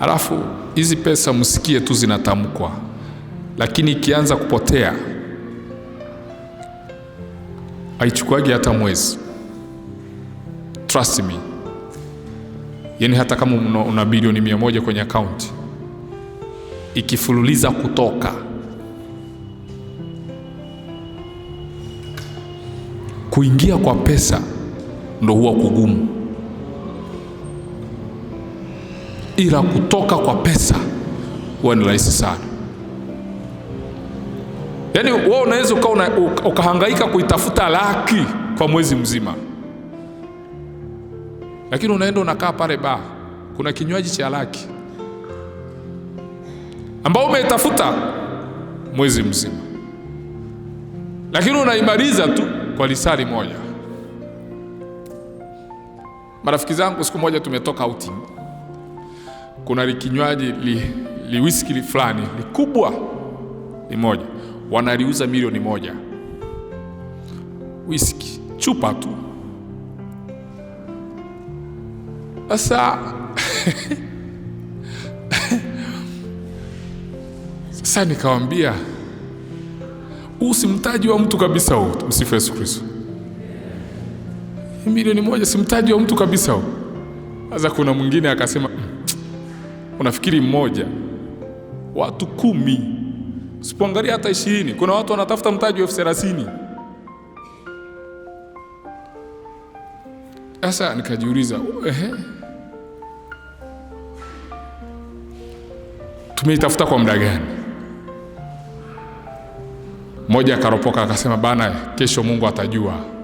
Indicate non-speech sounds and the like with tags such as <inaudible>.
alafu hizi pesa msikie tu zinatamkwa, lakini ikianza kupotea haichukuagi hata mwezi. Trust me. Yani hata kama una bilioni mia moja kwenye akaunti ikifululiza kutoka kuingia kwa pesa ndo huwa kugumu. ila kutoka kwa pesa huwa ni rahisi sana. Yaani wewe unaweza ukahangaika kuitafuta laki kwa mwezi mzima, lakini unaenda unakaa pale ba kuna kinywaji cha laki ambao umeitafuta mwezi mzima, lakini unaimaliza tu kwa lisali moja. Marafiki zangu, siku moja tumetoka outing kuna likinywaji li, whisky li fulani likubwa ni moja, wanaliuza milioni moja, whisky chupa tu. Sasa <laughs> sasa nikawambia huu si mtaji wa mtu kabisa huu. Msifu Yesu Kristo. Milioni moja si mtaji wa mtu kabisa huu. Sasa kuna mwingine akasema mm, unafikiri mmoja, watu kumi, usipoangalia hata ishirini. Kuna watu wanatafuta mtaji wa elfu thelathini. Sasa nikajiuliza, ehe, tumeitafuta kwa muda gani? Mmoja akaropoka akasema, bana, kesho Mungu atajua.